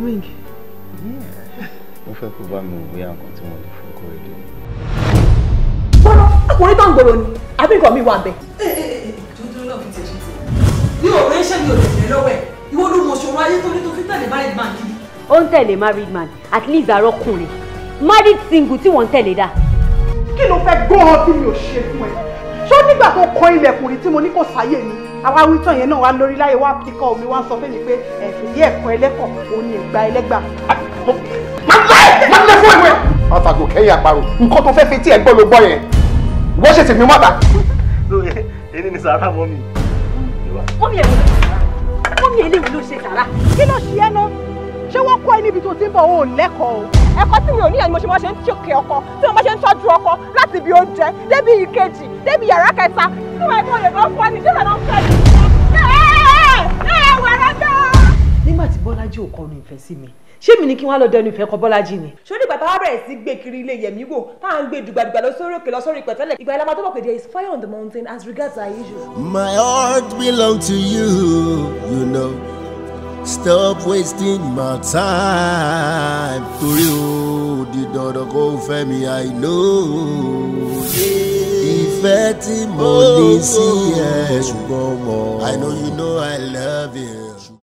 Yeah. mo fẹ́ kó bá mi wò bóyá nǹkan tí mo lè fún kó èdè. bọ́lá ọkùnrin tó ń gbòòrò ni àbí nǹkan mi wà bẹ́ẹ̀. Eh, eh, eh, jọjọ lọ fi tẹ̀sí tì. mi ò rí iṣẹ́ mi ò lè tẹ̀lé lọ́wọ́ ẹ̀ ìwọ ló mọ ṣòro ayé tó ní tó fi tẹ̀lé married man kiri. ó ń tẹ̀lé married man at least àrọ́kùnrin married single tí wọ́n ń tẹ̀lé dá. kí ló fẹ́ gbọ́ ọ bí mi ò ṣe fún ẹ ṣó nígbà tó kọ ilẹ̀kùnrin tí mo ní kò sáyé ni àwa wítọ̀ yẹn náà wá lórí láyé wá kíkọ́ omi wá sọ fẹ́mi pé ilé ẹ̀kọ́ ẹlẹ́kọ̀ òun ni ẹ̀gbà ẹlẹ́gbà. máa ń lẹ fún ìwé. àtàgò kẹ́yìn àparò nǹkan tó fẹ́ fi tí ẹ̀ gbọ́ ló gbọ́ yẹn wọ́n ṣèṣì mi mọ́ta. lóye èyí ni sàrà mọ́ mi. mọ́mí ẹ̀ mọ́mí ẹ̀ léwu ló ṣe sàrà. kí ló ṣe é náà ṣé wọ́n kọ́ ẹ níbi tó ti ń bọ̀ òun lẹ́kọ̀ọ́ ẹ̀kọ́ tí mi ò níyàn ni mo ṣe máa ṣe ń ṣòkè ọkọ tí mo máa ṣe ń tọ́jú ọkọ láti ibi oúnjẹ débi ìkejì débi yàrá kẹta tí mo máa kọnu ìfẹ́ sí mi ṣé mi ni kí wọ́n lọ dẹnu ìfẹ́ kọ bọ́lájì ni. sórí ìgbà táwa bẹ̀rẹ̀ sí gbé kiri ilé yẹ̀mí wò táà ń gbé dùgbàdùgbà lọ sórí òkè lọ sórí ìpẹ̀tẹ́lẹ̀ ìgbà ìlànà tó mọ̀ pé there is fire on the mountain as regards our issue. my heart belong to you you know stop wasting my time torí o di dandan kó fẹ́ mi i know ìfẹ́ tí mo ní sí ẹ ṣùgbọ́n mo i know you know i love you.